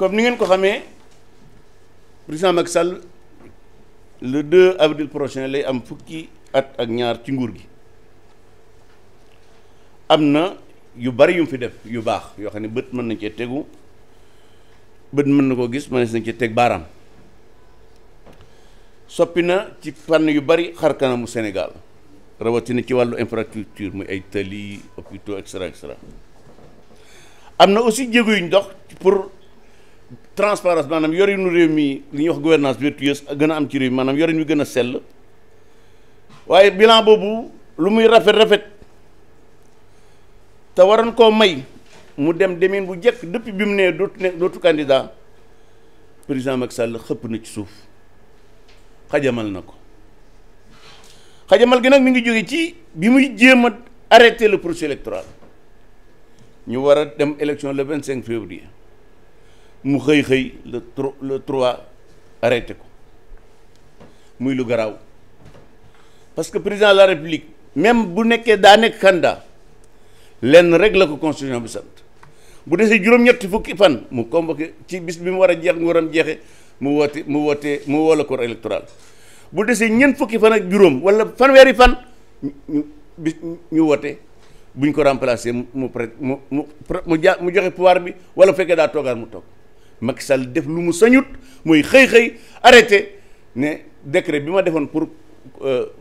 comme ni ngeen ko xamee président Macky Sall le 2 avril prochain lay am fukki at ak ñaar ci nguur gi am na yu bari yu mu fi def yu baax yoo xam ne bët mën nañ cee tegu bët mën na koo gis mën nañ cee teg baaraam soppi na ci fànn yu bari xar kanamu Sénégal rawatina ci wàllu infrastructure muy ay tali hôpitaux et cetera am na aussi jéego yuñ dox pour. transparence maanaam nu réew mii lu ñuy wax gouvernance vertueuse gën a am ci réew mi maanaam yorin wi gën a sell waaye bilan boobu lu muy rafet rafet te waroon koo may mu dem demin bu jekk depuis bi mu nee dootu ne dootu candidat président Macky Sall xëpp na ci suuf xajamal na ko xajamal gi nag mi ngi jóge ci bi muy jéem a arrêter le processus électoral ñu war a dem élection le vingt cinq février mu xëy xëy le tro le trois arrêté ko muy lu garaw parce que président de la république même bu nekkee daa nekk candidat lenn rek la ko constitution bi sant bu desee juróom-ñetti fukki fan mu convoqué ci bis bi mu war a jeex mu war a jeexee mu woote mu wootee mu woo la corps électoral bu desee ñeent fukki fan ak juróom wala fanweeri fan ñu bis ñu woote buñ ko remplacer mu mu mu mu mu joxe pouvoir bi wala fekkee daa toogaat mu toog. Macky Sall def lu mu sañut muy xëy xëy arrêté ne décret bi ma defoon pour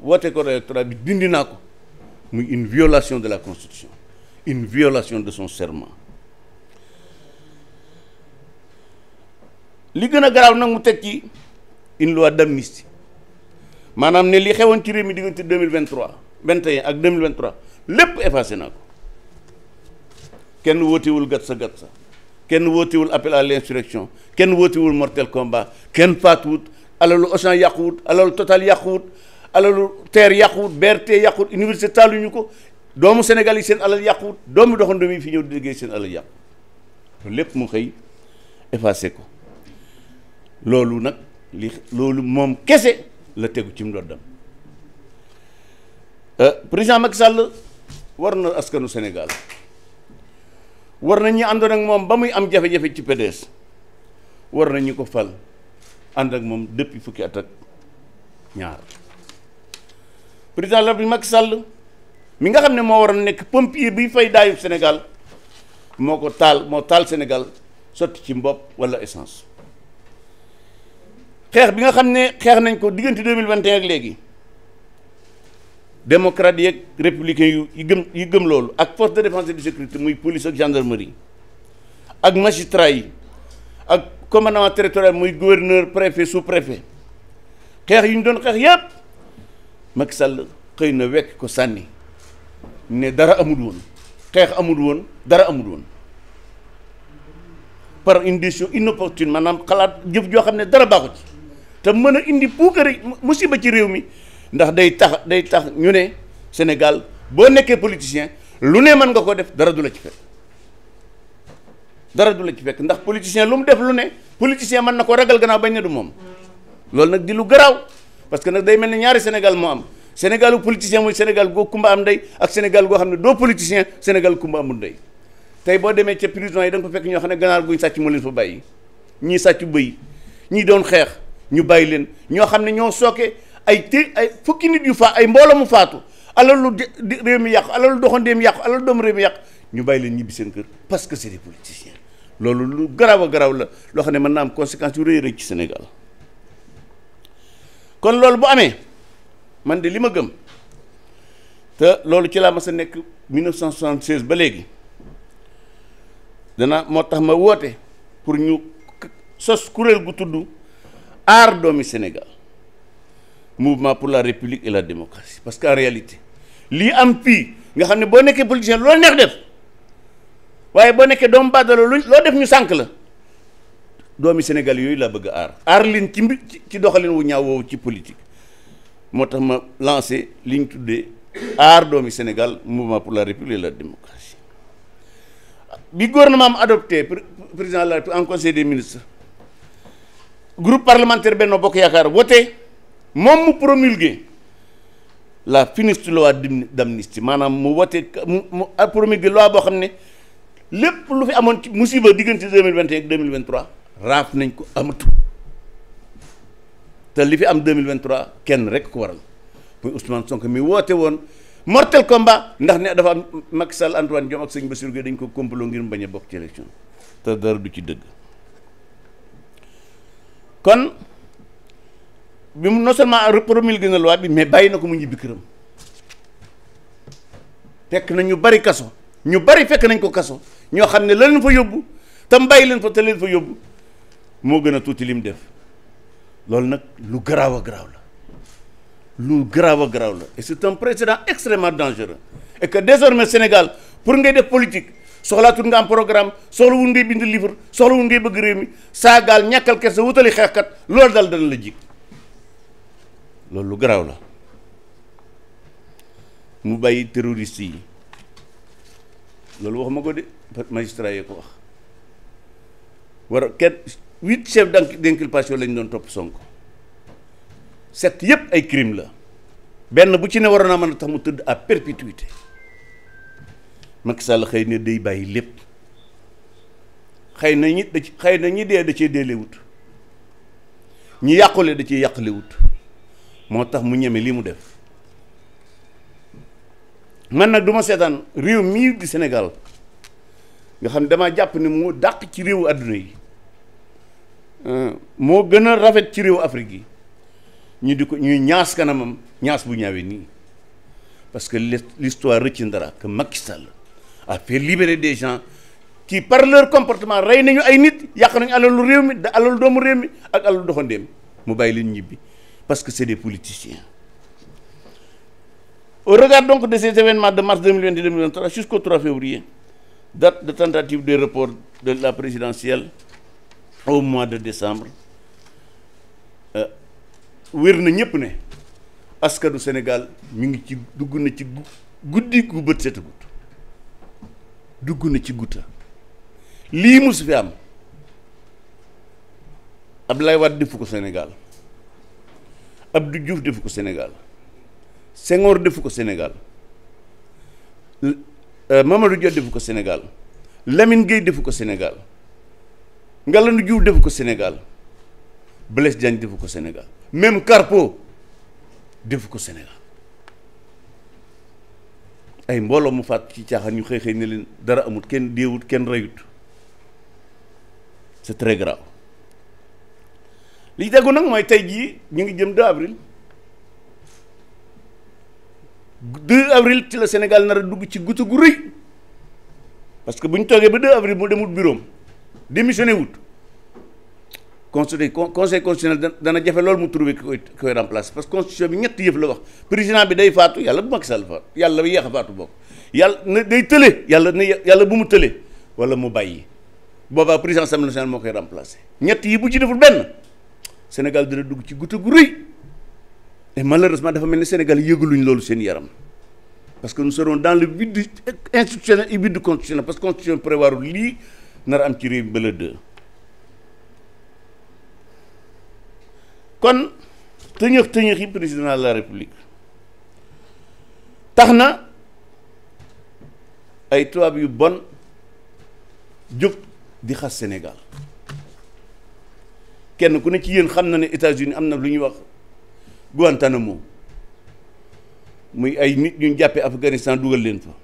voter euh, corps électoral bi dindi naa ko muy une violation de la constitution une violation de son serment li gën a garaaw nag mu teg ci une loi d'amnistie maanaam ne li xewoon ci réew mi diggante deux mille vingt trois vingt et un ak deux mille vingt trois lépp effacé naa ko kenn wootewul gat sa gat sa kenn wóotewul appel à l'insurrection kenn wóotewul mortel combat kenn faatuwut alalu Auchan yàquwut alalu Total yàquwut alalu TER yàquwut BRT yàquwut université taaluñu ko doomu Sénégal yi seen alal yàquwut doomu doxandéem yi fi ñëw di liggéey seen alal yàqu lépp mu xëy effacé ko loolu nag li loolu moom kese la tegu ci mu doddam euh, président Macky war na askanu Sénégal war na ñi àndoon ak moom ba muy am jafe-jafe ci PDS war na ñu ko fal ànd ak moom depuis fukki at ak ñaar président la bi Macky Sall mi nga xam ne moo war a nekk pompier bi fay daayu Sénégal moo ko taal moo taal Sénégal sotti ci mbopp walla essence xeex bi nga xam ne xeex nañ ko diggante 2021 ak léegi démocrate yeeg républicain yu yi gëm yi gëm loolu ak force de défense et de sécurité muy police ak gendarmerie ak magistrat yi ak commandement territorial muy gouverneur préfet sous préfet xeex yu ñu doon xeex yépp Macky Sall xëy na wekk ko sànni ne dara amul woon xeex amul woon dara amul woon par une décision inopportune maanaam xalaat jëf joo xam ne dara baaxu ci te mën a indi puukare musiba ci réew mi ndax day tax day tax ñu ne Sénégal boo nekkee politicien lu ne mën nga koo def dara du la ci fekk dara du la ci fekk ndax politicien lu mu def lu ne politicien mën na ko ragal gannaaw bañ ne du moom loolu nag di lu garaaw parce que nag day mel ne ñaari Sénégal moo am Sénégalu politicien mooy Sénégal goo kumba am ndey ak Sénégal goo xam ne doo politicien Sénégal kumba amul ndey tey boo demee ca prison yi da ko fekk ñoo xam ne ganaar guñ sàcc m leen fa bàyyi ñii sàcc bëy ñii doon xeex ñu bàyyi leen ñoo xam ne ñoo sooke ay té ay fukki nit yu faa ay mbooloo mu faatu alalu di réew mi yàqu alalu doxandeem yàqu alalu doomu réew mi yàqu ñu bàyyi leen ñibbi seen kër parce que c'est des politiciens loolu lu garaaw a garaaw la loo xam ne mën naa am conséquence yu rëy rëy ci Sénégal kon loolu bu amee man de li ma gëm te loolu ci laa ma sa nekk 1976 ba léegi dana moo tax ma woote pour ñu sos kuréel gu tudd aar doomi Sénégal mouvement pour la république et la démocratie parce qu'en réalité lii am fii nga xam ne boo nekkee politicien loo neex def waaye boo nekkee doomu baadala lu loo def ñu sànq la doomi Sénégal yooyu laa bëgg aar aar leen ci mbi ci doxalin wu ñaaw woowu ci politique moo tax ma lancé li ñu tuddee aar doomi Sénégal mouvement pour la république et la démocratie bi gouvernement am adopté président la République en conseil des ministres groupe parlementaire Benno Bokk Yaakaar voté moom mu promulgué la funeste loi d'amnistie maanaam mu woote mu mu promulgué loi boo xam ne lépp lu fi amoon ci musiba diggante deux mille vingt et un ak deux trois raaf nañ ko amatu te li fi am deux mille vingt trois kenn rekk ko waral muy Ousmane sonk mi woote woon mortel combat ndax ne dafa am Macky Sall Antoine Diome ak sëñ Bassirou Guèye dañ ko complot ngir mu bañ a bokk ci élection te dara du ci dëgg kon. bi mu non seulement promulgué na loi bi mais bàyyi na ko mu ñibbi këram fekk na ñu bari kaso ñu bari fekk nañ ko kaso ñoo xam ne la leen fa yóbbu tam bàyyi leen fa te leen fa yóbbu moo gën a tuuti lim def loolu nag lu garaaw a garaaw la lu garaaw a garaaw la et c'est un précédent extrêmement dangereux et que désormais Sénégal pour ngay def politique soxlaatul nga am programme soxlawul ngay bind livre soxlawul ngay bëgg réew mi saagaal ñàkkal kersa wutali xeexkat loolu daal dana la jig loolu lu garaaw la mu bàyyi terroriste yi loolu wax ma ko de magistrat yee ko wax war a kenn huit chefs d'inculpation lañ doon topp Sonko set yépp ay kirim la benn bu ci ne waroon naa mën a tax mu tëdd à perpétuité Macky Sall xëy na day bàyyi lépp xëy na ñi da xëy na ñi dee da cee deelewut ñi yàqule da cee yàqulewut moo tax mu ñeme lii mu def man nag du ma seetaan réew mii di Sénégal nga xam ne damaa jàpp ni moo dàq ci réewu àdduna yi euh, moo gën a rafet ci réew Afrique yi ñu di ko ñuy ñaas kanamam ñaas bu ñaawee nii parce que l'histoire retiendra que Macky Sall a fait libérer des gens qui par comportement rey nañu ay nit yàq nañu alalu réew mi da alalu doomu réew mi ak alalu doxandéem mu bàyyi leen ñibbi parce que c'est des politiciens. Au regard donc de ces événements de mars 2020 et 2023 jusqu'au 3 février, date de tentative de report de la présidentielle au mois de décembre euh, wér na ñëpp ne askanu Sénégal mu ngi ci dugg na ci guddi gu na ci gutta lii musu fi am Abdoulaye Wade defu ko Sénégal Abdou Diouf defu ko Sénégal Senghor defu ko Sénégal euh, mamadu Dia defu ko Sénégal Lamine Gueye defu ko Sénégal Ngalandou Diouf defu ko Sénégal Blaise Diagne defu ko Sénégal même karpo defu ko Sénégal ay mbooloo mu fàtt ci caaxaan ñu xëy xëy ne leen dara amut kenn déewut kenn rayut c'est très li tegu nag mooy tey jii ñu ngi jëm 2 avril 2 avril ci la Sénégal nar a dugg ci gutu gu rëy parce que bu ñu toogee ba 2 avril mu demut bureau am démissionné wut conseil conseil constitutionnel dana jafe loolu mu trouvé ki koy remplacer parce que constitution bi ñett yëf la wax président bi day faatu yàlla bu Macky Sall faatu yàlla yéex a faatu bokk yàlla na day tële yàlla na yàlla bu mu tële wala mu bàyyi boobaa président assemblée nationale moo koy remplacer ñett yi bu ci deful benn. Sénégal dina dugg ci guddi gu rëy et malheureusement dafa mel ni Sénégal yëgaluñ loolu seen yaram parce que nu serons dans le vide institutionnel et vide constitutionnel parce que constitution lii nar am ci réew mi bala deux kon président de la république tax na ay tubaab yu bon jóg di xas Sénégal kenn ku ne ci yéen xam na ne États-Unis am na lu ñuy wax Guantanamo muy ay nit ñu jàppee Afghanistan dugal leen fa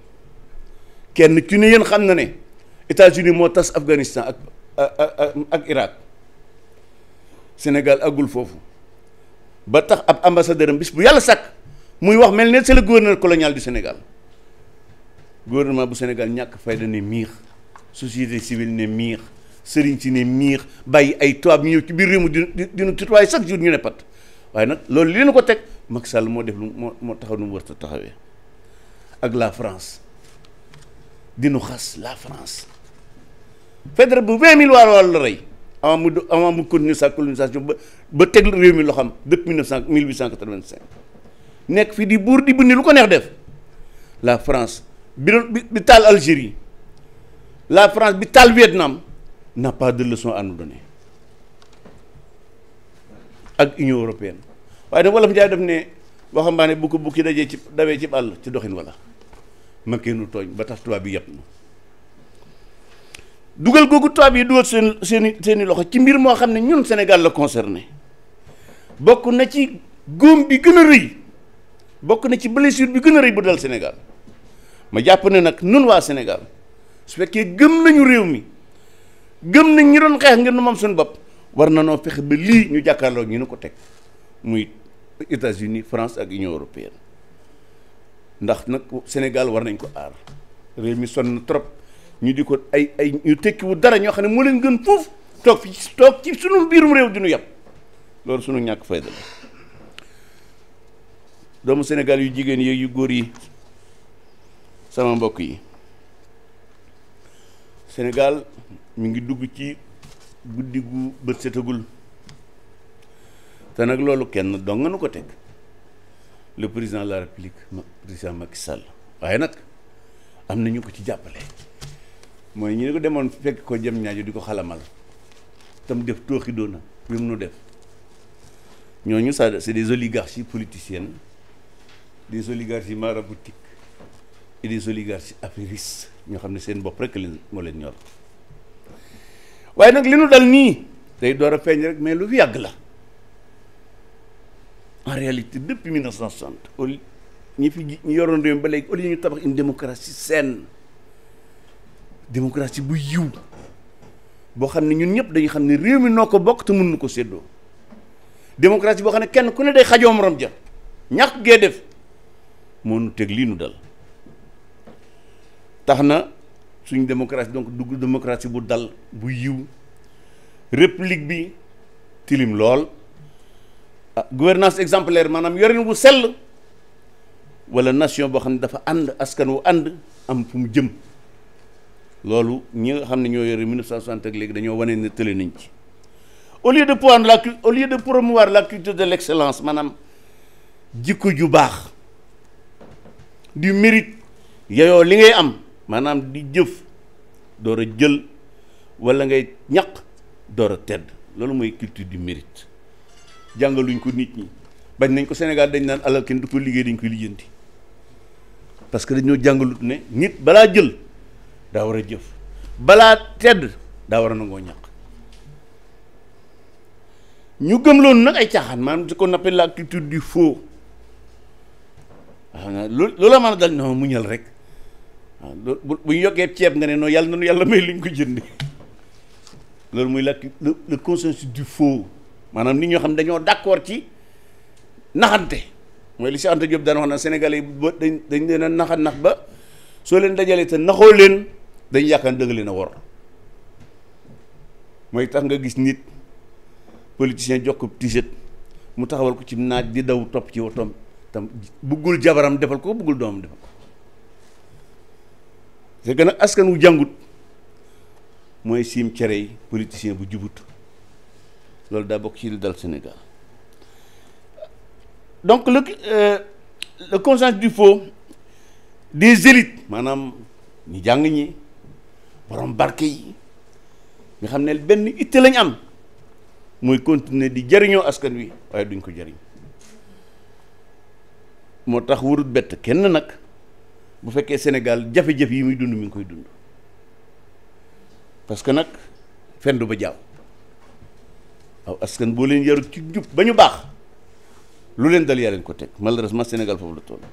kenn ci ne yéen xam na ne États-Unis moo tas Afghanistan ak ak Irak Sénégal àggul foofu ba tax ab ambassadeur am bu yàlla sàkk muy wax mel ne c'est le gouverneur colonial du Sénégal gouvernement bu Sénégal ñàkk fayda ne miix société civile ne miix sëriñ si ne miir bàyyi ay tubaab ñu ñëw ci biir réew mi di dinu tutoyer chaque jour ñu ne pat waaye nag loolu li nu ko teg Macky Sall moo def lu moo moo taxaw nu mu war a taxawee ak la France dinu xas la France Faidherbe bu vingt mille waar waar la rey avant mu avant mu continuer sa colonisation ba teg réew mi loo xam depuis mille neuf cent mille huit cent quatre-vingt-cinq nekk fii di buur di bundi lu ko neex def la France bi doon bi taal Algérie la France bi taal Vietnam n'a pas de leçon à nous donner ak Union européenne waaye nag wolof Njaay def ne waxambaane bu ko bukki dajee ci dawee ci àll ci doxin wala ma kenn tooñ ba tax tubaab bi yàpp na dugal googu tubaab yi dugal seen seen seen loxo ci mbir moo xam ne ñun Sénégal la concerné bokk na ci góom bi gën a rëy bokk na ci blessure bi gën a rëy bu dal Sénégal ma jàpp ne nag nun waa Sénégal su fekkee gëm nañu réew mi gëm nañ ñi doon xeex ngir nu moom suñu bopp war na noo fexe ba lii ñu jàkkaarloo ñu ne ko teg muy États-Unis France ak Union européenne ndax nag Sénégal war nañ ko aar réew mi sonn trop ñu di ko ay ay ñu tekkiwu dara ñoo xam ne moo leen gën foofu toog fi toog ci sunu biirum réew di ñu loolu sunu ñàkk fayda la doomu Sénégal yu jigéen yi yu góor yi sama mbokk yi Sénégal ñu ngi dugg ci guddi gu bët setagul te nag loolu kenn dong nga nu ko teg le président de la république président Macky Sall waaye nag am na ñu ko ci jàppale mooy ñu ne ko demoon fekk ko jëm ñaajo di ko xalamal tam def tooxi na bi mu nu def ñoo ñu ça c'est des oligarchies politiciennes des oligarchies maraboutiques et des oligarchies affairistes ñoo xam ne seen bopp rek leen moo leen ñor waaye nag li nu dal nii day door a feeñ rek mais lu fi yàgg la en réalité depuis 1960 au ñi fi ñu yoroon réew mi ba lekk au lieu ñu tabax une démocratie seen démocratie bu yiw boo xam ne ñun ñëpp dañu xam ne réew mi noo ko bokk te mën nu ko séddoo démocratie boo xam ne kenn ku ne day xajoo morom ja ñàkk gee def moo nu teg lii nu dal tax na suñ démocratie donc dugg démocratie bu dal bu yiw république bi tilim lool ah gouvernance exemplaire maanaam yorin wu sell walla nation boo xam ne dafa ànd askan wu ànd am fu mu jëm loolu ñi nga xam ne ñoo yore 1960 ak léegi dañoo wane ne tële nañ ci au lieu de prendre la au lieu de promouvoir la culture de l'excellence maanaam jikko ju baax du mérite yeyoo li ngay am maanaam di jëf door a jël walla ngay ñaq door a tedd loolu mooy culture du mérite jàngaluñ ko nit ñi bañ nañ ko Sénégal dañ naan alal kenn du ko liggéey dañ koy lijjanti parce que dañoo jàngalut ne nit balaa jël daa war a jëf balaa tedd daa war a nangoo ñaq ñu gëm loolu nag ay caaxaan maanaam ce qu'on appelle la culture du faux waaw ah, loolu loolu la mën a dal na muñal rek. bu bu ñu yokkee ceeb nga ne noonu yàlla nanu yàlla may lu ñu ko jënd loolu muy la le consensus du faux maanaam nit ñoo xam ne dañoo d'accord ci naxante mooy li Cheikh Anta Diop daan wax na Sénégalais yi ba dañ dañ leen a naxa nax ba soo leen dajalee te naxoo leen dañ yaakaar dëgg leen a wor mooy tax nga gis nit politicien jox ko mu taxawal ko ci naaj di daw topp ci wotoom tam buggul jabaram defal ko buggul doomam defal ko fekk nag askan wu jàngut mooy siim cere yi politicien bu jubut loolu daa bokk ci li dal Sénégal donc le euh, le conscience du faux des élites maanaam ñi jàng ñi borom barke yi nga xam ne benn itte lañ am mooy continuer di jariñoo askan wi waaye duñ ko jariñ moo tax warut bett kenn nag bu fekkee Sénégal jafe-jafe yi muy dund mi koy dund parce que nag fen ba jaaw waaw askan boo leen yarut ci jub ba ñu baax lu leen dal yaa leen ko teg malheureusement Sénégal foofu la toll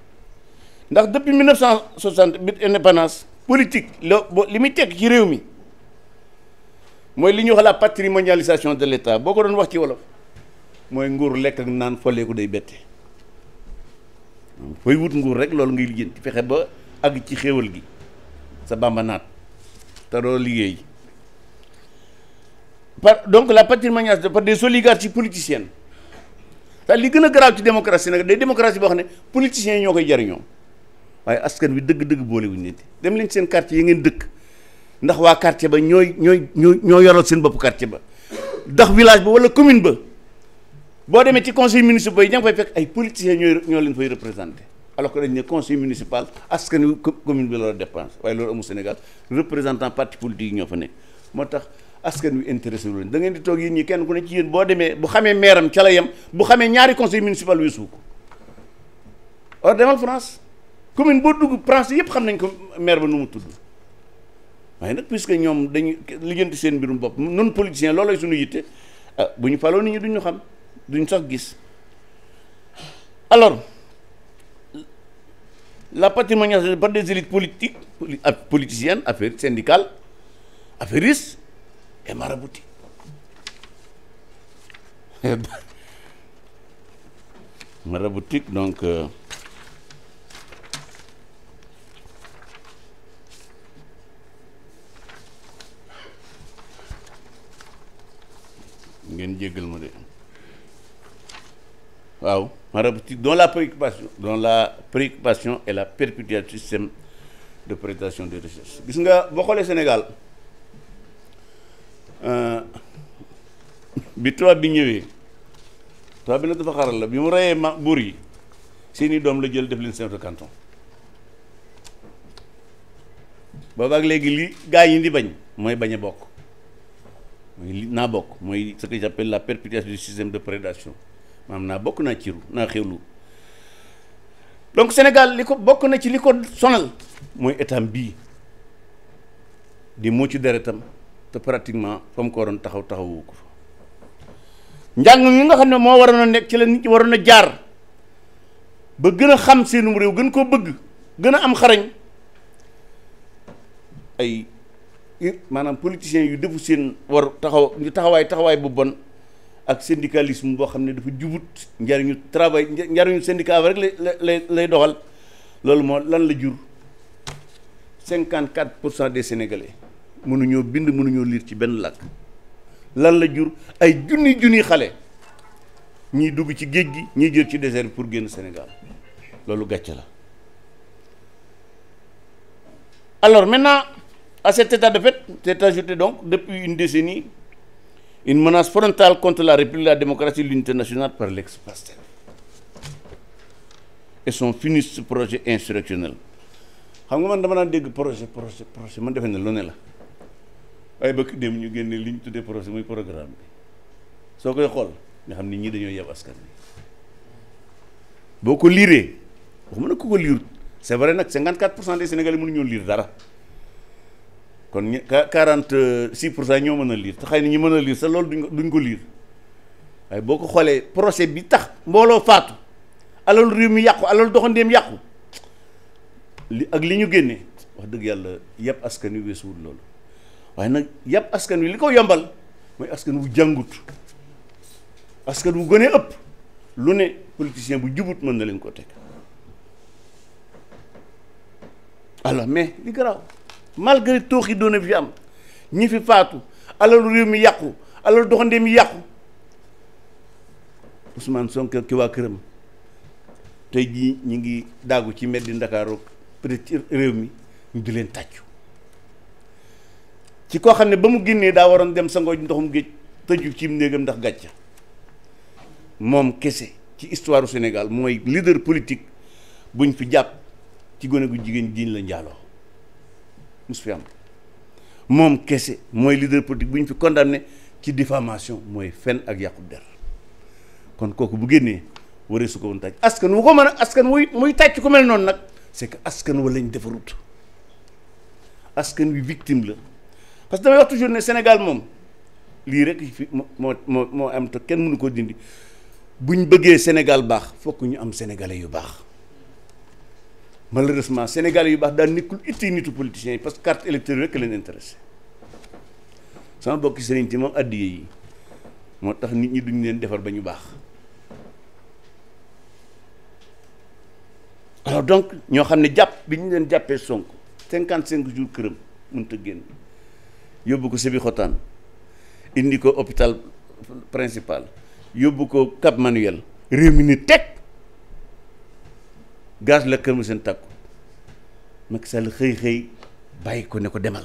ndax depuis 1960 bi indépendance politique la li muy teg ci réew mi mooy li ñuy wax la patrimonialisation de l'État boo ko doon wax ci wolof mooy nguur lekk ak naan folleeku day bette fooy wut nguur rek loolu ngay lijjanti fexe ba. àgg ci xewal gi sa bamba naat te doo liggéey par donc la patrimonialisation par des oligarchies politiciennes te li gën a garaaw ci démocratie nag day démocratie boo xam ne politiciens yi ñoo koy jariñoo waaye askan wi dëgg-dëgg boole wuñu nit dem leen seen quartier yi ngeen dëkk ndax waa quartier ba ñooy ñooy ñoo ñoo yoral seen bopp quartier ba dax village ba wala commune ba boo demee ci conseil municipal yi ña ngi fay fekk ay politiciens ñooy ñoo l fay représenté alors que dañ ne conseil municipal askan wi commune bi la dépense waaye loolu amul Sénégal représentant parti politique yi ñoo fa ne moo tax askan wi intéressé wu leen da ngeen di toog yéen ñu kenn ku ne ci yéen boo demee bu xamee maire am ca la yem bu xamee ñaari conseil municipal weesu ko or demal France commune boo dugg France yëpp xam nañ ko maire ba nu mu tudd waaye nag puisque ñoom dañu lijjanti seen mbirum bopp nun politicien loolay suñu yitte ah bu ñu faloo nit duñu xam duñ sax gis la patrimonialisation par des élites politiques ah, politiciennes affaires syndicales affairistes et maraboutiques maraboutique donc euh, ngeen jéggal ma de waaw maraboutique dont la préoccupation dont la préoccupation est la perpétuité du système de prestation de recherche gis nga boo xolee Sénégal euh, bi tubaab bi ñëwee tubaab bi nag dafa xaral la bi mu reyee ma buur yi seen seeni doom la jël def leen chef de canton booba ak léegi li gaa yi di bañ mooy bañ a bokk mooy li naa bokk mooy ce que j'appelle la perpétuation du système de prédation maam naa bokk naa ciru naa xewlu donc Sénégal li ko bokk na ci li ko sonal mooy état bii di mucc deretam te pratiquement fa mu ko waroon taxaw taxawu ko njàng mi nga xam ne moo waroon a nekk ci la nit ñi waroon a jaar ba gën a xam seenum réew gën koo bëgg gën a am xarañ ay maanaam politiciens yu defu seen war taxaw ñu taxawaay taxawaay bu bon ak syndicalisme boo xam ne dafa jubut njariñu travail njariñu syndicat ba rek lay lay doxal loolu moo lan la jur cinquante quatre pour cent des sénégalais mënuñoo bind mënuñoo liir ci benn làkk lan la jur ay junni junni xale ñiy dugg ci géej gi ñiy jël ci désert pour génn Sénégal loolu gàcce la alors maintenant à cet état de fait de ajouté donc depuis une décennie une menace frontale contre la République, la démocratie, l'unité nationale par l'ex-Pasteur. Et son fini projet insurrectionnel. xam nga man dama naan dégg projet projet projet man defe ne lu ne la ay bëkk dem ñu génne li ñu tuddee projet muy programme bi soo koy xool nga xam ni ñi dañoo yeb askan boo ko liiree waxuma ne ku ko liir c'est vrai nag 54 pour cent liir dara. kon ñu quarante six pour cent ñoo mën a liir te xëy na ñu mën a liir sa loolu duñ ko ko liir waaye boo ko xoolee procès bi tax mbooloo faatu alal réew mu yàqu alal doxandeem yàqu li ak li ñu génnee wax dëgg yàlla yàpp askan wi weesuwul loolu waaye nag yàpp askan wi li ko yombal mooy askan wu jàngut askan wu gën a ëpp lu ne politicien bu jubut mën na leen ko teg alors mais li garaaw malgré tooxi bi fi am ñi fi faatu alalu réew mi yàqu alalu doxandee mi yàqu Ousmane Sonko ki waa këram tey jii ñu ngi daagu ci mbedd Ndakaaru peut-être réew mi ñu di leen tàccu ci koo xam ne ba mu génnee daa waroon dem sangoo ndoxum géej tëju ci néegam ndax gàcca moom kese ci histoire du Sénégal mooy leader politique buñ fi jàpp ci gone gu jigéen jiiñ la njaaloo mus fi am moom kese mooy leader politique bu ñu fi condamné ci diffamation mooy fen ak yàqub der kon kooku bu génnee waree su ko woon tàcc askan wu ko mën a askan wuy muy tàcc ku mel noonu nag c'est que askan wa lañ defarut askan wi victime la parce que damay wax toujours ne Sénégal moom lii rek fi moo moo moo am te kenn mënu ko dindi buñ bëggee Sénégal baax fokk ñu am sénégalais yu baax malheureusement Sénégal yu baax daa nekkul itti nitu politiciens yi parce que carte électeur rek leen intéressé sama bokki sëriñ ci yi moo tax nit ñi duñ leen defar ba ñu baax alors donc ñoo xam ne jàpp bi ñu leen jàppee sonk cinquante cinq jours këram mënut a génn yóbbu ko Sébi Xotaan indi ko hôpital principal yóbbu ko Cap Manuel réew mi ni teg gaz la kër ma seen tàkku Macky Sall xëy xëy bàyyi ko ne ko demal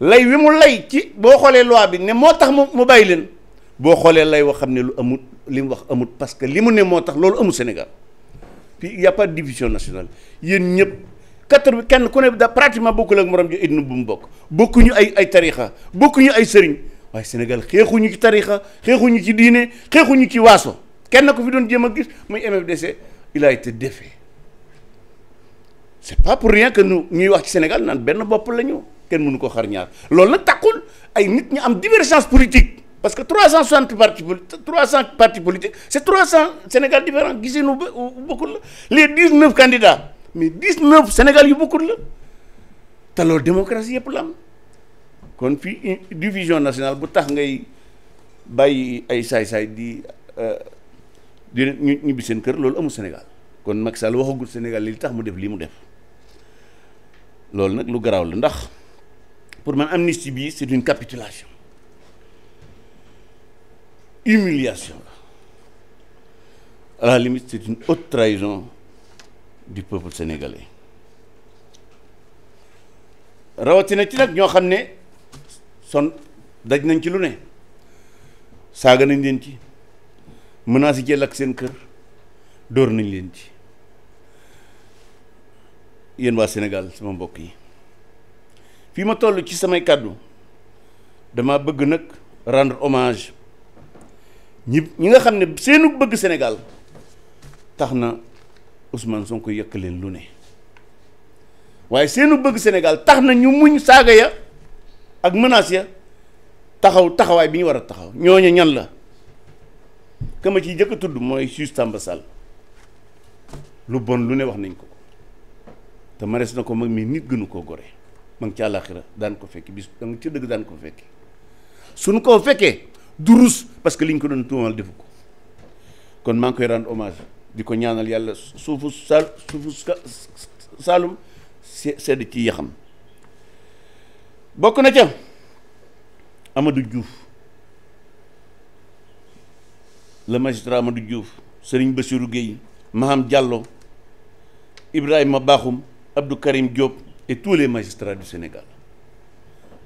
lay wi mu lay ci boo xoolee loi bi ne moo tax mu mu bàyyi leen boo xoolee lay wax xam ne lu amut li mu wax amut parce que li mu ne moo tax loolu amul Sénégal fii il y a pas de division nationale yéen ñëpp quatre kenn ku ne da pratiquement bokkul ak morom ji idnu bu mu bokk bokkuñu ay ay tarixa bokkuñu ay sëriñ waaye Sénégal xeexuñu ci tarixa xeexuñu ci diine xeexuñu ci waaso kenn ko fi doon jëm a gis muy MFDC il a été défait c'est pas pour rien que nous ñuy wax ci Sénégal naan benn bopp lañu ñu kenn mënu ko xar ñaar loolu nag takkul ay nit ñu am divergence politique parce que 360 partis poli 300 partis politiques c'est 300 Sénégal différents gisee nu ba bokkul la les 19 candidats mais 19 Sénégal yu bokkul la te loolu démocratie yëpp la am kon fii division nationale bu tax ngay bàyyi ay saay-saay di. Euh, di ñu ñibbi seen kër loolu amul Sénégal kon Macky Sall waxagul Sénégal li tax mu def lii mu def loolu nag lu garaaw la ndax pour man amnistie bii c'est une capitulation humiliation la à la limite c'est une haute trahison du peuple sénégalais rawatina ci nag ñoo xam ne son daj nañ ci lu ne saaga nañ leen ci menaces yi jël ak seen kër dóor nañ leen ci yéen waa Sénégal suma mbokk yi fii ma toll ci samay kàddu dama bëgg nag rendre hommage ñi ñi nga xam ne seenu bëgg Sénégal tax na Ousmane Sonko yëkk leen lu ne waaye seenu bëgg Sénégal tax na ñu muñ saaga ya ak mënaas ya taxaw taxawaay bi ñu war a taxaw ñooñu ñan la ka ma ciy njëkk tudd mooy Juge Tamba Sall lu bon lu ne wax nañ ko te marees na ko mag mii nit gënu koo gore ma ngi ci àllaaxira daan ko fekki bis da ci dëgg daan ko fekki suñ koo fekkee du rus parce que liñ ko doon tuumal defu ko kon maa ngi koy rend hommage di ko ñaanal yàlla suufu sal suufu saalum sedd ci yaxam bokk na ca Amadou Diouf le magistrat Amadou Diouf Serigne Bassirou Gueye Maham Diallo Ibrahima Bakhoum Abdou Karim Diop et tous les magistrats du Sénégal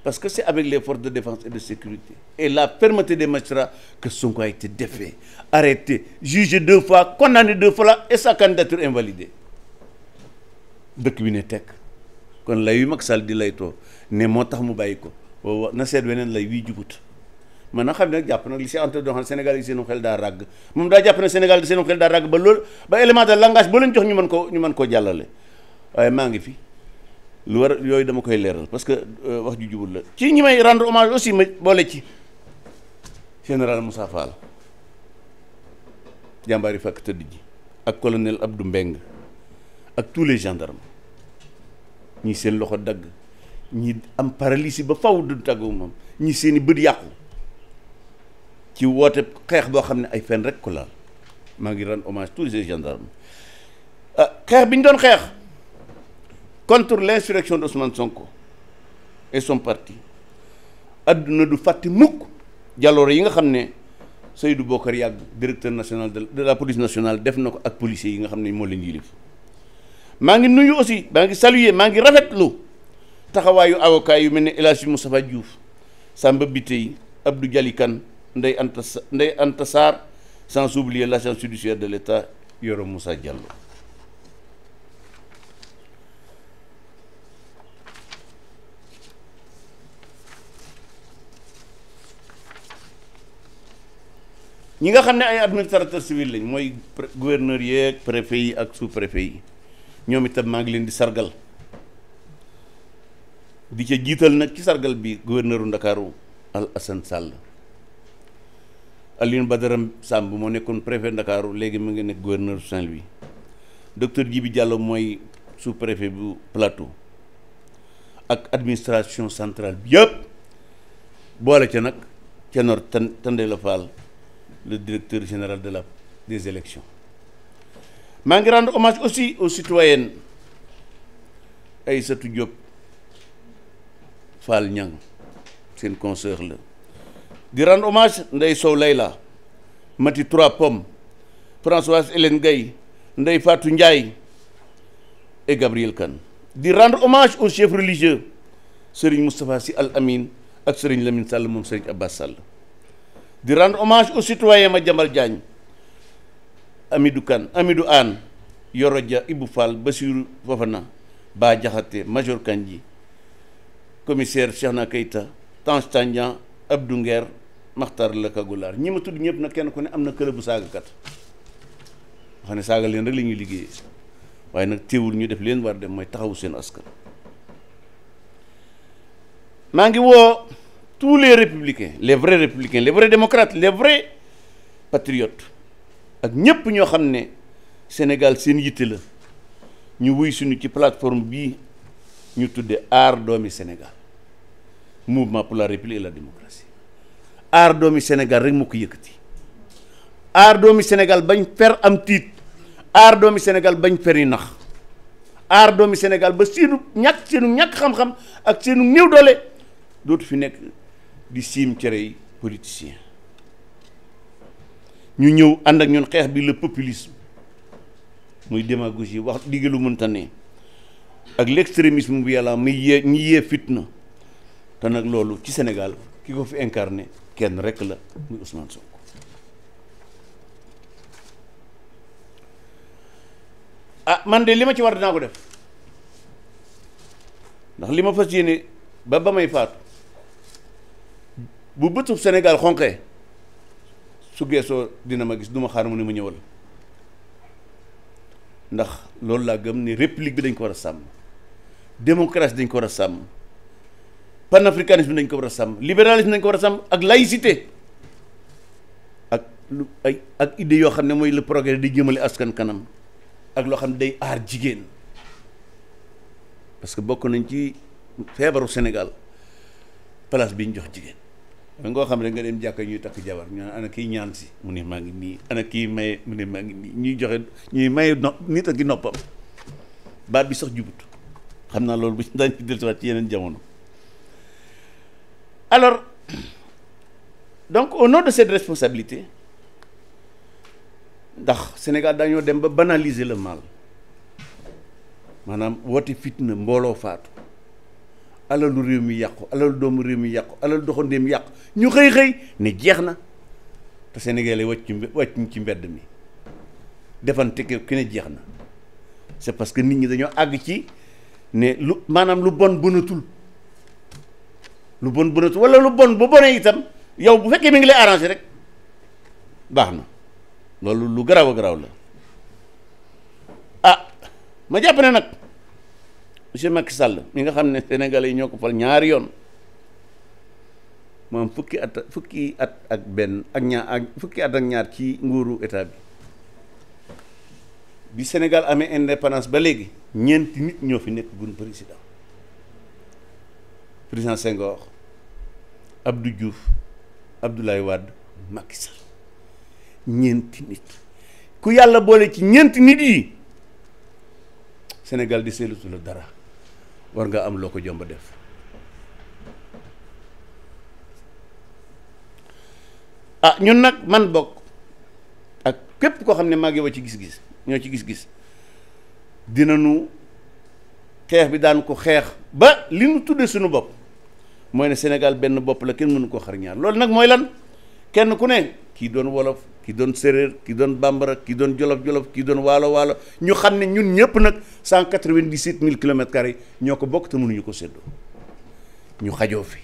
parce que c'est avec les forces de défense et de sécurité et la fermeté des magistrats que Sonko a été défait arrêté jugé deux fois condamné deux fois et sa candidature invalidée dëkk bi ne teg kon lay wi Macky Sall di lay too ne moo tax mu bàyyi ko na seet weneen lay wii jubut man na xam ne nag jàpp nag li si Anta doon xam Sénégal yi seenum xel daa ràgg moom daa jàpp ne Sénégal yi seenum xel daa ràgg ba loolu ba élément de langage boo jox ñu mën ko ñu mën koo jàllale waaye maa ngi fi lu war yooyu dama koy leeral parce que euh, wax ju jubul la ci ñi may rendre hommage aussi ma boole ci général Moussa Fall jàmbaari fàkk tëdd ji ak colonel Abdou Mbeng ak tous les gendarmes ñi seen loxo dagg ñi am paralysie ba faw du tàggu moom ñi seen i bët yàqu ci woote xeex boo xam ne ay fen rek ko laal maa ngi rendre hommage tous les gendarmes ah, xeex bi ñu doon xeex contre l'insurrection d'Ousmane Sonko et son parti adduna du fàtte mukk jaloore yi nga xam ne Seydou Bokar Yàgg directeur national de la police nationale def na ko ak policiers yi nga xam ne moo leen yilif maa ngi nuyu aussi maa ngi saluer maa ngi rafetlu taxawaayu avocat yu mel ni ne El Hadji Moustapha Diouf Samba bi Abdou Dialy jalikan Ndeye Anta Ndeye Anta Sarr sans oublier l'agence judiciaire de l'État Yoro Moussa Diallo ñi nga xam ne ay administrateur civil lañ mooy gouverneur yeeg préfet yi ak sous préfet yi ñoom itam maa ngi leen di sargal di ca jiital nag ci sargal bi gouverneuru Ndakaaru Al Assane Sall Alioune Badara Samb moo nekkoon préfet Ndakaaru léegi mu ngi nekk gouverneur Saint-Louis docteur Djibi Diallo mooy sous préfet bu Plateau ak administration centrale bi yëpp boole ca nag Tanor Tandela Fall le directeur général de la des élections maa ngi rendre hommage aussi aux citoyennes Aïssatou Diop Fall ñaŋ seen consoeur la di rendre hommage Ndeye Sow Layla Mati Trois Pommes Françoise Hélène Gaye Ndeye Fatou Ndiaye et Gabriel Kane di rendre hommage aux chefs religieux Serigne Moustapha Sy Al Amin ak Serigne Lamine Sall moom Serigne Abbas Sall di rendre hommage aux citoyens Madiambal Diagne Amidou Kane Amidou Anne Yoro Dia Ibou Fall Bassirou Fofana Ba Diakhaté Major Kandji commissaire Cheikhna Keita Tange Tandian Abdou Nguer maxtar la kagulaar ñi ma tudd ñëpp nag kenn ku ne am na këlëb bu saagakat xam ne saaga leen rek la ñuy liggéeyee waaye nag téewul ñu def leen war dem mooy taxawu seen askan maa ngi woo tous les républicains les vrais républicains les vrais démocrates les vrais patriotes ak ñépp ñoo xam ne Sénégal seen yitte la ñu wuy suñu ci plateforme bii ñu tudde aar doomi Sénégal mouvement pour la république la démocratie aar doomi Sénégal rek moo ko yëkkati aar doomi Sénégal bañ fer am tiit aar doomi Sénégal bañ fer yi nax aar doomi Sénégal ba seenu ñàkk seenu ñàkk xam-xam ak seenu néew doole dootu fi nekk di siim cere yi politicien ñu ñëw ànd ak ñun xeex bi le populisme muy démagogie wax digg lu mënta ne ak l' extrémisme bu yàlla muy loolu ci Sénégal ki ko fi incarné kenn rek la muy Ousmane Sonko ah man de li ma ci war dinaa ko def ndax li ma fas yéene ba ba may faatu bu bëtu Sénégal xonqee su geesoo dina ma gis du ma xaar mu ne ma ñëwal ndax loolu laa gëm ni république bi dañ ko war a sàmm démocratie dañ ko war a sàmm panafricanisme dañ ko war a sàmm libéralisme nañ ko war a sàmm ak laïcité ak lu ay ak idée yoo xam ne mooy le progrès di jëmale askan kanam ak loo xam ne day aar jigéen parce que bokk nañ ci feebaru Sénégal place bi ñu jox jigéen da nga xam ne nga dem jàkka ñuy takk jabar ñu ana kii ñaan si mu ne maa ngi nii ana kii maye mu ne maa ngi nii ñuy joxe ñuy maye no nit a ngi noppam baat bi sax jubut xam naa loolu bu dañ ci dellusiwaat ci yeneen jamono alors donc au nom de cette responsabilité ndax Sénégal dañoo dem ba banaliser le mal maanaam woote fitna mbooloo faatu alalu réew mi yàqu alalu doomu réew mi yàqu alalu doxandéem yàqu ñu xëy xëy ne jeex na te Sénégalais wàcc wàccuñ ci mbedd mi defante ki ne jeex na c'est parce que nit ñi dañoo àgg ci ne lu maanaam lu bon bënatul lu bon bonatu walla lu bon bu bonee itam yow bu fekkee mi ngi lay arrangé rek baax na loolu lu garaw a garaw la ah ma jàpp ne nag monsieur Macky Sall mi nga xam ne sénégalais yi ñoo ko fal ñaari yoon moom fukki at fukki at ak benn ak ñaar ak fukki at ak ñaar ci nguuru état bi bi Sénégal amee indépendance ba léegi ñeenti nit ñoo fi nekk gun président président Senghor Abdou Diouf Abdoulaye Wade Macky Sall ñeenti nit ku yàlla boole ci ñeenti nit yi Sénégal di seetlu la dara war nga am loo ko jomb def ah ñun nag man bokk ak képp koo xam ne maa ngi yow ci gis-gis ñoo ci gis-gis dinañu xeex bi daan ko xeex ba li nu tuddee sunu bopp mooy ne Sénégal benn bopp la kenn mënu koo xar ñaar loolu nag mooy lan kenn ku ne kii doon wolof kii doon séréer kii doon bambara kii doon jolof-jolof kii doon waalo waalo ñu xam ne ñun ñëpp nag cent quatre-vingt-dix-sept mille kilomètres carrés ñoo ko bokk te ñu ko séddoo ñu xajoo fi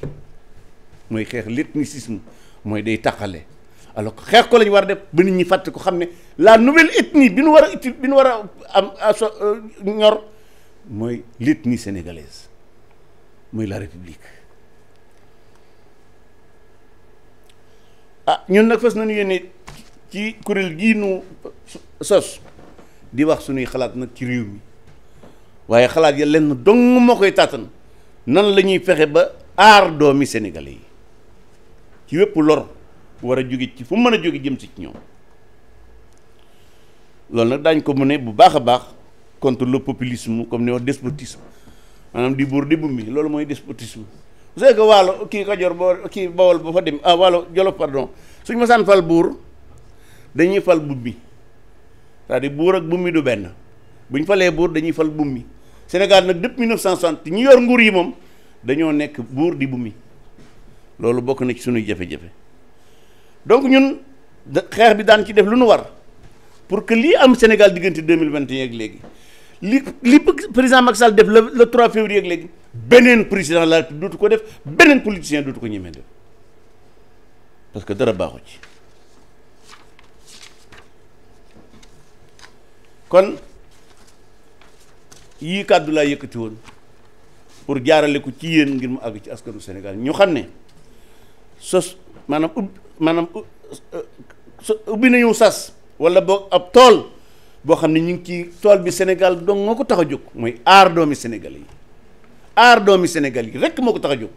mooy xeex l'ethnicisme mooy day taqale alors que xeex ko la war a def ba nit ñi fàtte ko xam ne la nouvelle ethnie bi nu war a uti bi nu war a am euh, ñor mooy l'ethnie sénégalaise mooy la république ah ñun nag fas nañu yéene ci kuréel gii nu sos di wax suñuy xalaat nag ci réew mi waaye xalaat ya lenn dong moo koy tàttan nan la ñuy fexe ba aar doomi sénégalais yi ci wépp lor war a jóge ci fu mën a jóge jëm si ci ñoom loolu nag daañ ko mu ne bu baax a baax contre le populisme comme ni wax despotisme maanaam di buur di bumbi loolu mooy despotisme c'est que waalo kii Kajoor boo kii Bawol ba fa dem ah waalo Jolof pardon suñu masaan fal buur dañuy fal bummi c'est-à-dire buur ak bummi du benn bu ñu falee buur dañuy fal bummi Sénégal nag depuis 1960 ñu yor nguur yi moom dañoo nekk buur di bummi loolu bokk na ci suñuy jafe-jafe donc ñun xeex bi daan ci def lu nu war pour que lii am Sénégal diggante vingt 2021 ak léegi li li président Macky Sall def le 3 février ak léegi beneen président la dootu ko def beneen politicien dootu ko ñemee def parce que dara baaxu ci kon yii kàddu laa yëkkati woon pour jaarale ko ci yéen ngir mu àgg ci askanu Sénégal ñoo xam ne sos maanaam ub maanaam ubbi nañu sas wala boog ab tool boo xam ne ñu ngi ci tool bi Sénégal dong moo ko tax a jóg mooy aar doomi Sénégal yi aar doomi Sénégal yi rekk moo ko tax a jóg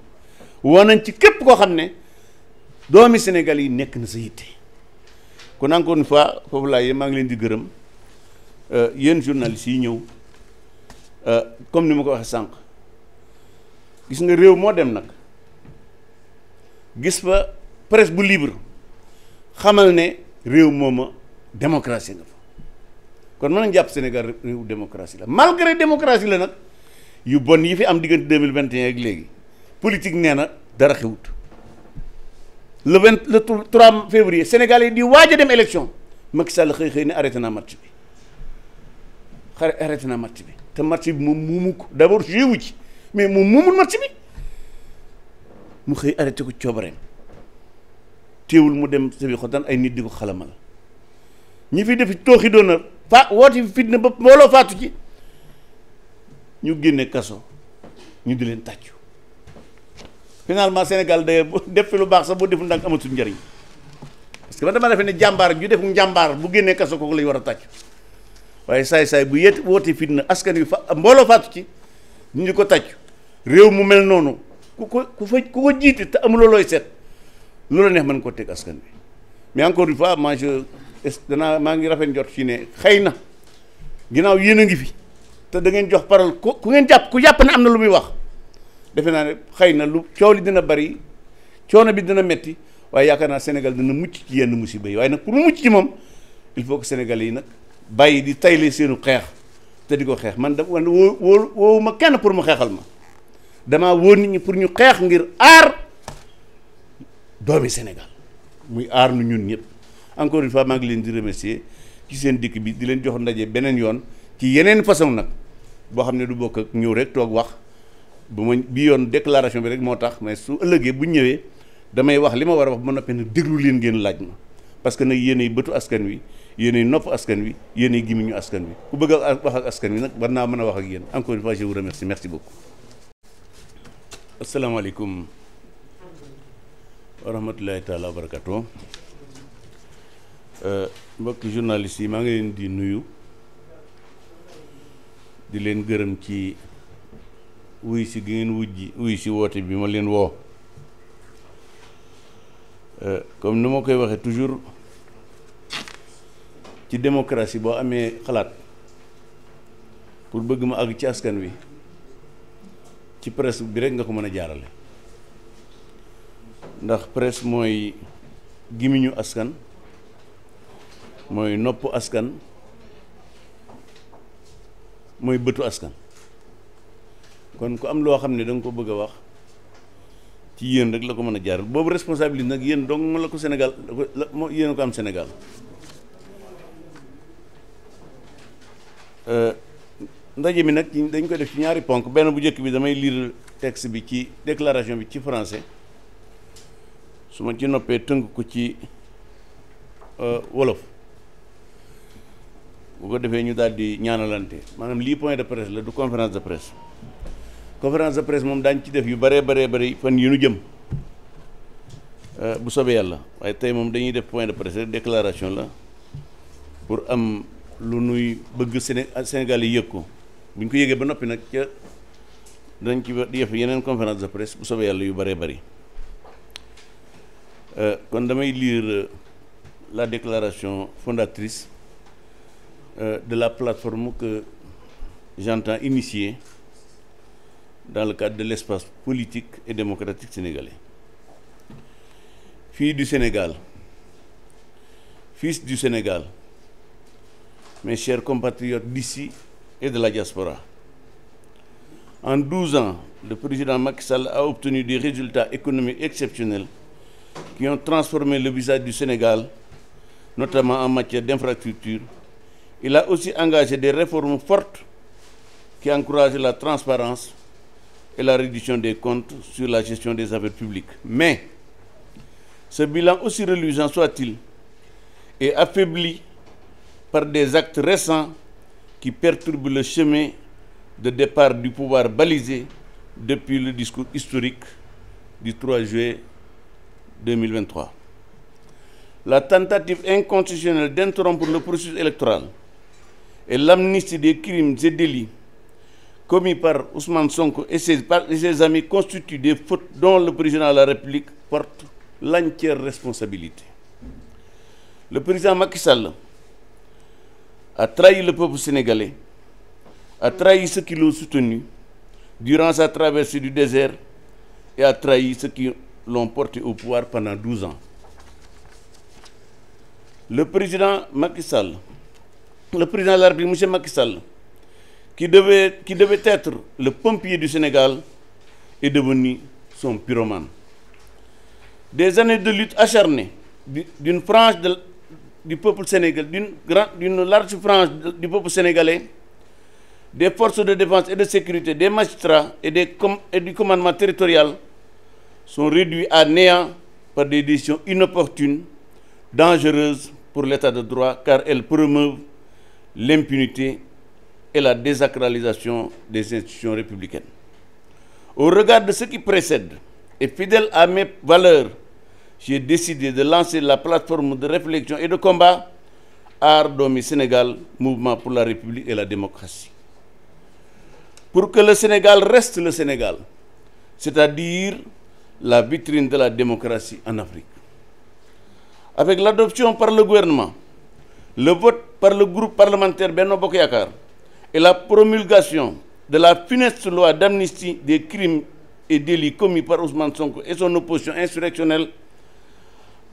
wanañ ci képp koo xam ne doomi Sénégal yi nekk na sa yitte kon encore une fois foofu maa ngi leen di gërëm euh, yéen journalistes yi ñëw euh, comme ni ma ko waxee sànq gis nga réew moo dem nag gis fa presse bu libre xamal ne réew mooma démocratie nga fa kon mën nañ jàpp Sénégal réew démocratie la malgré démocratie la nag yu bon yi fi am diggante deux mille vingt et un ak léegi politique nee na dara xewut le vingt le trois février Sénégal yi di waaj a dem élection Macky Sall xëy xëy ne arrêté naa matt bi xare arrêté naa match bi te matt bi moom muumu ko d' abord joué ci mais moom muumul match bi mu xëy arrêté ko coobareem téewul mu dem sabi xotaan ay nit di ko xalamal ñi fi def tooxi na fa woote fitna ba mbooloo fàttu ci ñu génne kaso ñu di leen tàccu finalement Sénégal de def fi lu baax sax boo deful ndànk amatul njariñ parce que man dama defe ne jàmbaar ju def njàmbaar bu génnee kaso kooku la ñu war a tàccu waaye saay-saay bu yet woote fitna askan wi fa mbooloo faatu ci ñu ñu ko tàccu réew mu mel noonu ku ko ku fa ku ko jiite te amuloo looy set loolu neex mën koo teg askan wi mais encore une fois moi je danaa maa ngi rafet njot ci ne xëy na ginnaaw yéen a ngi fi te da ngeen jox paral ku ku ngeen jàpp ku jàpp ne am na lu muy wax defe naa ne xëy na lu coow li dina bari coono bi dina metti waaye yaakaar naa Sénégal dana mucc ci yenn musiba yi waaye nag pour mu mucc ci moom il faut que Sénégalais yi nag bàyyi di tayle seenu xeex te di ko xeex man dama woo woo woowu ma kenn pour mu xeexal ma damaa woo nit ñi pour ñu xeex ngir aar doomi Sénégal muy aar nu ñun ñëpp. encore une faa maa leen di remercier ci seen dikk bi di leen jox ndaje beneen yoon ci yeneen façon nag boo xam ne du bokk ak ñëw rek toog wax bu ma bi yoon déclaration bi rek moo tax mais su ëllëgee bu ñëwee damay wax li ma war a wax ma noppi nag déglu leen ngeen laaj ma parce que nag yéenay bëtu askan wi yéenay nopp askan wi yéenay gimiñu askan wi ku bëgg a wax ak askan wi nag war naa mën a wax ak yéen encore une fois je vous remercie merci beaucoup. asalaamaaleykum Euh, mbokki journaliste yi maa ngi leen di nuyu di leen gërëm ci wuy si gi ngeen wujji wuy si woote bi ma leen woo euh, comme nu ma koy waxee toujours ci démocratie boo amee xalaat pour bëgg ma àgg ci askan wi ci presse bi rekk nga ko mën a jaarale ndax presse mooy gimiñu askan mooy nopp askan mooy bëtu askan kon ku am loo xam ne da ko bëgg a wax ci yéen rek la ko mën a jaar boobu responsabilité nag yéen dong la ko Sénégal la yéen ko am Sénégal euh, ndaje mi nag dañ koy def ci ñaari ponk benn bu njëkk bi damay lire texte bi ci déclaration bi ci français su ma ci noppee tënk ko ci euh, wolof bu ko defee ñu daal di ñaanalante maanaam lii point de presse la du conférence de presse conférence de presse moom dañ ci def yu bëree bëree bëri fan yu nu jëm euh, bu sobee yàlla waaye tey moom dañuy def point de presse déclaration la pour am lu nuy bëgg Séné Sénégal yi yëg ko bu ñu ko yëgee ba noppi nag ca dañ ci def yeneen conférence de presse bu soobee yàlla yu bëree bëri euh, kon damay lire la déclaration fondatrice. euh, de la plateforme que j'entends initier dans le cadre de l'espace politique et démocratique sénégalais. Fille du Sénégal, fils du Sénégal, mes chers compatriotes d'ici et de la diaspora, en 12 ans, le président Macky Sall a obtenu des résultats économiques exceptionnels qui ont transformé le visage du Sénégal, notamment en matière d'infrastructure Il a aussi engagé des réformes fortes qui encouragent la transparence et la réduction des comptes sur la gestion des affaires publiques. Mais ce bilan, aussi reluisant soit-il, est affaibli par des actes récents qui perturbent le chemin de départ du pouvoir balisé depuis le discours historique du 3 juillet 2023. La tentative inconstitutionnelle d'interrompre le processus électoral et l'amnistie des crimes et délits commis par Ousmane Sonko et ses, par, et ses amis constituent des fautes dont le président de la République porte l'entière responsabilité. Le président Macky Sall a trahi le peuple sénégalais, a trahi ceux qui l'ont soutenu durant sa traversée du désert et a trahi ceux qui l'ont porté au pouvoir pendant 12 ans. Le président Macky le président de la République monsieur Macky Sall qui devait qui devait être le pompier du Sénégal est devenu son pyromane des années de lutte acharnée d'une frange de du peuple sénégalais d'une grande d'une large frange du peuple sénégalais des forces de défense et de sécurité des magistrats et des com et du commandement sont réduits à néant par des décisions inopportunes dangereuses pour l'état de droit car elles promeuvent l'impunité et la désacralisation des institutions républicaines. Au regard de ce qui précède et fidèle à mes valeurs, j'ai décidé de lancer la plateforme de réflexion et de combat Art Domi Sénégal, Mouvement pour la République et la démocratie. Pour que le Sénégal reste le Sénégal, c'est-à-dire la vitrine de la démocratie en Afrique. Avec l'adoption par le gouvernement le vote par le groupe parlementaire Benno Bokk Yaakaar et la promulgation de la funeste loi d'amnistie des crimes et délits commis par Ousmane Sonko et son opposition insurrectionnelle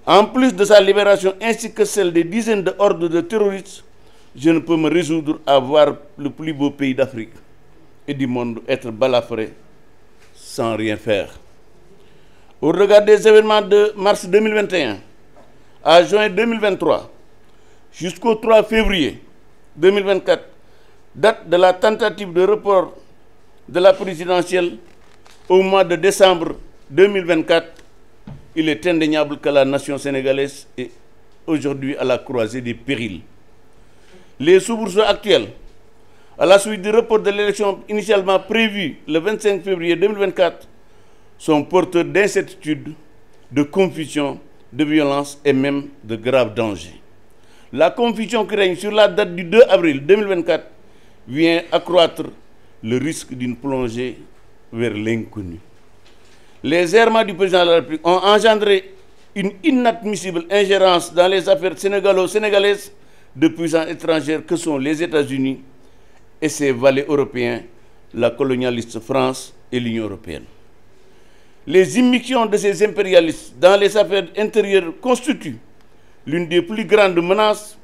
en plus de sa libération ainsi que celle des dizaines de hordes de terroristes je ne me résoudre à voir le plus beau pays d'Afrique et du monde être balafré sans rien faire au regard des événements de mars 2021 à juin 2023 jusqu'au 3 février 2024, date de la tentative de report de la présidentielle au mois de décembre 2024, il est indéniable que la nation sénégalaise est aujourd'hui à la croisée des périls. Les soubresauts actuels, à la suite du report de l'élection initialement prévue le 25 février 2024, sont porteurs d'incertitudes, de confusion, de violence et même de graves dangers. La confusion qui règne sur la date du 2 avril 2024 vient accroître le risque d'une plongée vers l'inconnu. Les errements du président de la République ont engendré une inadmissible ingérence dans les affaires sénégalo-sénégalaises de puissants étrangères que sont les États-Unis et ses valets européens, la colonialiste France et l'Union européenne. Les immixtions de ces impérialistes dans les affaires intérieures constituent l'une des plus grandes menaces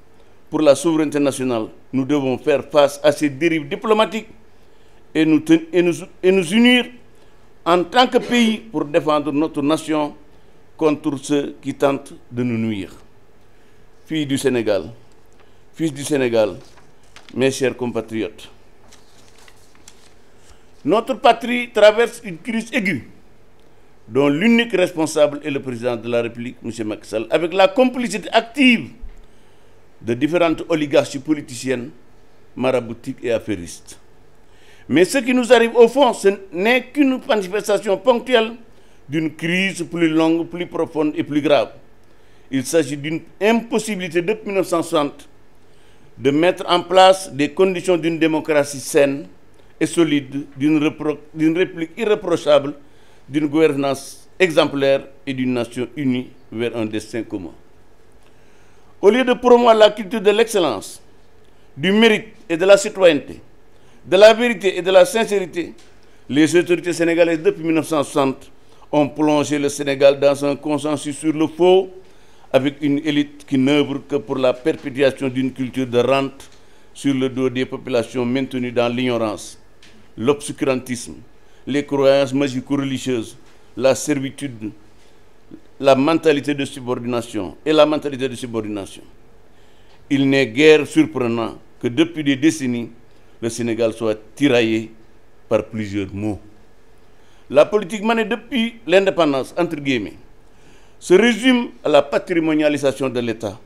pour la souveraineté nationale. Nous devons faire face à ces dérives diplomatiques et nous, et et nous unir en tant que pays pour défendre notre nation contre ceux qui tentent de nous nuire. Fille du Sénégal, fils du Sénégal, mes chers compatriotes, notre patrie traverse une crise aiguë dont l'unique responsable est le président de la République, M. Macky Sall, avec la complicité active de différentes oligarchies politiciennes, maraboutiques et affairistes. Mais ce qui nous arrive au fond, ce n'est qu'une manifestation ponctuelle d'une crise plus longue, plus profonde et plus grave. Il s'agit d'une impossibilité depuis de mettre en place des conditions d'une démocratie saine et solide, d'une république irréprochable d'une gouvernance exemplaire et d'une nation unie vers un destin commun. Au lieu de promouvoir la culture de l'excellence, du mérite et de la citoyenneté, de la vérité et de la sincérité, les autorités sénégalaises depuis 1960 ont plongé le Sénégal dans un consensus sur le faux avec une élite qui n'œuvre que pour la perpétuation d'une culture de rente sur le dos des populations maintenues dans l'ignorance, l'obscurantisme, les croyances magico-religieuses, la servitude, la mentalité de subordination et la mentalité de subordination. Il n'est guère surprenant que depuis des décennies, le Sénégal soit tiraillé par plusieurs maux. La politique menée depuis l'indépendance, entre guillemets, se résume à la patrimonialisation de l'État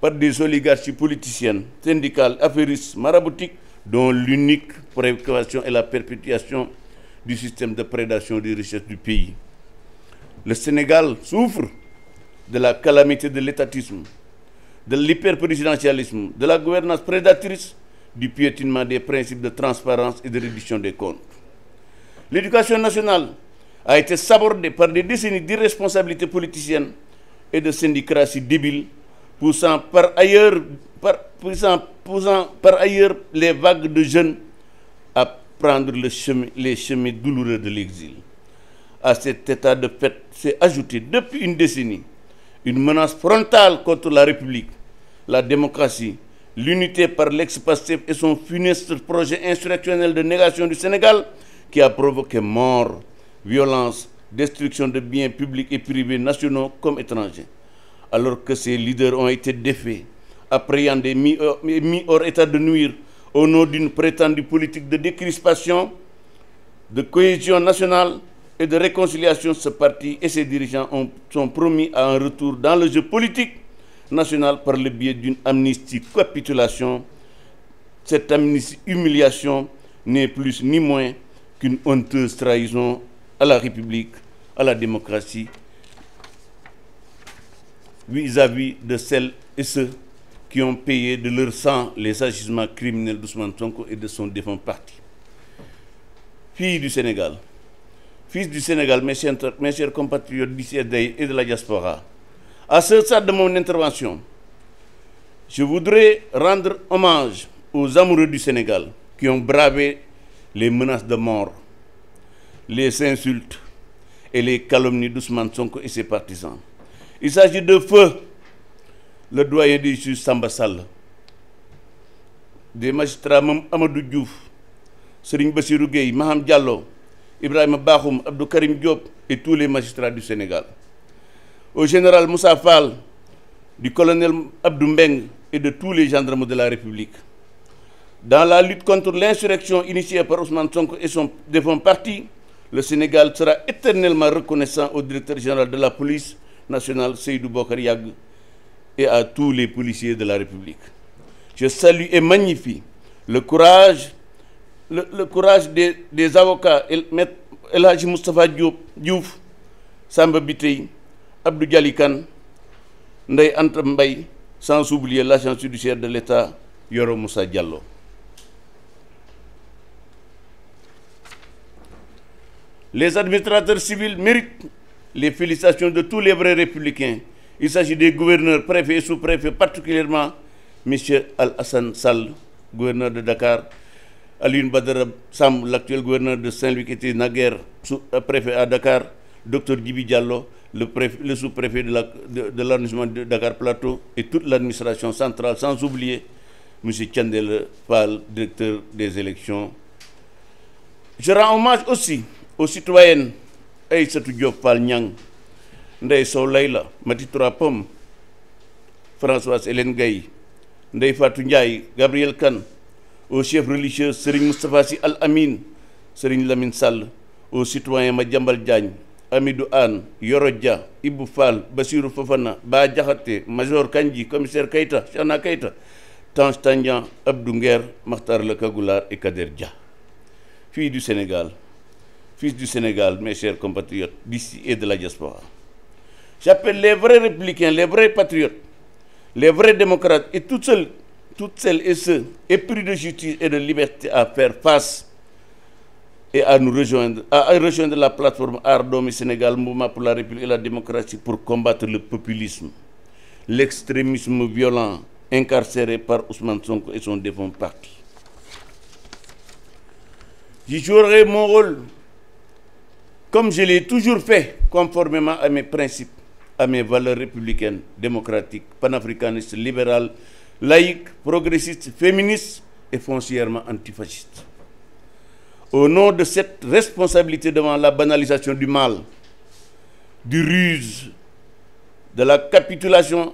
par des oligarchies politiciennes, syndicales, affairistes, maraboutiques, dont l'unique préoccupation est la perpétuation du système de prédation des richesses du pays. Le Sénégal souffre de la calamité de l'étatisme, de l'hyperprésidentialisme, de la gouvernance prédatrice, du piétinement des principes de transparence et de réduction des comptes. L'éducation nationale a été sabordée par des décennies d'irresponsabilité politicienne et de syndicratie débile, poussant par ailleurs, par, poussant, poussant par ailleurs les vagues de jeunes prendre le chemin, les chemins douloureux de l'exil. À cet état de fait s'est ajoutée depuis une décennie une menace frontale contre la République, la démocratie, l'unité par l'ex-Pastef et son funeste projet insurrectionnel de négation du Sénégal qui a provoqué mort, violence, destruction de biens publics et privés nationaux comme étrangers. Alors que ces leaders ont été défaits, appréhendés, mis euh, hors état de nuire au nom d'une prétendue politique de décrispation, de cohésion nationale et de réconciliation, ce parti et ses dirigeants ont, sont promis à un retour dans le jeu politique national par le biais d'une amnistie capitulation. Cette amnistie humiliation n'est plus ni moins qu'une honteuse trahison à la République, à la démocratie, vis-à-vis de celles et ceux qui ont payé de leur sang les agissements criminels d'Ousmane Sonko et de son défunt parti. Fille du Sénégal, fils du Sénégal, mes chers, mes chers compatriotes d'ici et de la diaspora, à ce stade de mon intervention, je voudrais rendre hommage aux amoureux du Sénégal qui ont bravé les menaces de mort, les insultes et les calomnies d'Ousmane Sonko et ses partisans. Il s'agit de feu le doyen des juges Samba Sall des magistrats moom Amadou Diouf Serigne Bassirou Gueye Maham Diallo Ibrahima Bakhoum Abdou Karim Diop et tous les magistrats du Sénégal au général Moussa Fall du colonel Abdou Mbeng et de tous les gendarmes de la République dans la lutte contre l'insurrection initiée par Ousmane Sonko et son défunt parti le Sénégal sera éternellement reconnaissant au directeur général de la police nationale Seydou Bokar Yàgg et à tous les policiers de la République. Je salue et magnifie le courage, le, courage des, des avocats El, El Hadji Moustapha Diop, Diouf, Samba Bitey, Abdou Dialikan, Ndeye Anta Mbaye, sans oublier l'agent judiciaire de l'État, Yoro Moussa Diallo. Les administrateurs civils méritent les félicitations de tous les vrais républicains il s'agit des gouverneurs préfets et sous-préfets particulièrement monsieur Al-Hassan Sall gouverneur de Dakar Alioune Badara Samb l'actuel gouverneur de Saint-Louis qui était naguère sous-préfet à Dakar docteur Djibi Diallo le préfet le sous-préfet de la de, de l'arrondissement de Dakar Plateau et toute l'administration centrale sans oublier monsieur Thiendella Fall directeur des élections je rends hommage aussi aux citoyennes Aïssatou Diop Fall Niang Ndeye Sow Layla Mati Trois Pommes Françoise Hélène Gaye Ndeye Fatou Ndiaye Gabriel Kane au chef religieux Serigne Moustapha Sy Al Amin Serigne Lamine Sall au citoyen Madiambal Diagne Amidou Anne Yoro Dia Ibou Fall Bassirou Fofana Ba Diakhaté Major Kandji commissaire Keita Chana Keita Tange Tandian Abdou Nguer Makhtar Le Kagoulard et Kader Dia du Sénégal fils du Sénégal mes chers compatriotes d'ici et de la diaspora J'appelle les vrais républicains, les vrais patriotes, les vrais démocrates et tout celles, toutes celles et ceux de justice et de liberté à faire face et à nous rejoindre, à rejoindre la plateforme Ardomi Sénégal, Mouvement pour la République et la démocratie pour combattre le populisme, l'extrémisme violent incarcéré par Ousmane Sonko et son défunt parti. J'y jouerai mon rôle comme je l'ai toujours fait, conformément à mes principes amee valeur républicaine démocratique panafricaniste libéral laïque progressiste féministe et foncièrement antifasciste au nom de cette responsabilité devant la banalisation du mal du ruse de la capitulation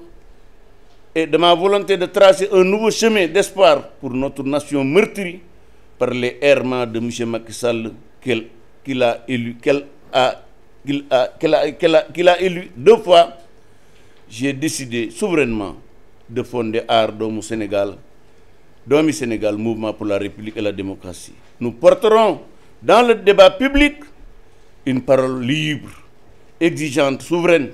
et de ma volonté de tracer un nouveau chemin d'espoir pour notre nation meurtrie par les errements de monsieur Macky Sall qu'elle qu'il a élu qu'elle a qu'il a, qu'il a, qu'il a, qu'il a élu deux fois, j'ai décidé souverainement de fonder Aar Doomu Sénégal, Doomi Sénégal, Mouvement pour la République et la démocratie. Nous porterons dans le débat public une parole libre, exigeante, souveraine,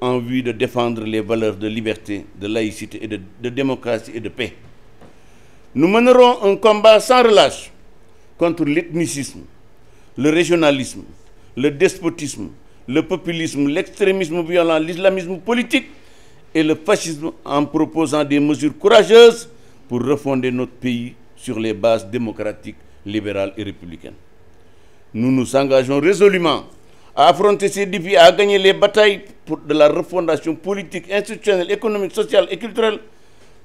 en vue de défendre les valeurs de liberté, de laïcité et de, de démocratie et de paix. Nous mènerons un combat sans relâche contre l'ethnicisme, le régionalisme, le despotisme le populisme l'extrémisme violent l'islamisme politique et le fascisme en proposant des mesures courageuses pour refonder notre pays sur les bases démocratiques libérales et républicaines nous nous engageons résolument à affronter ces défis à gagner les batailles pour de la refondation politique institutionnelle économique sociale et culturelle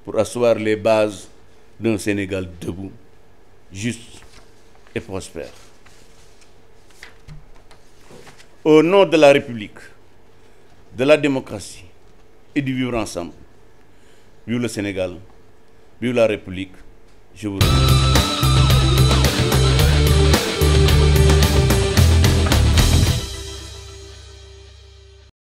pour asseoir les bases d'un Sénégal debout juste et prospère au nom de la République, de la démocratie et du vivre ensemble, vive le Sénégal, vive la République, je vous remercie.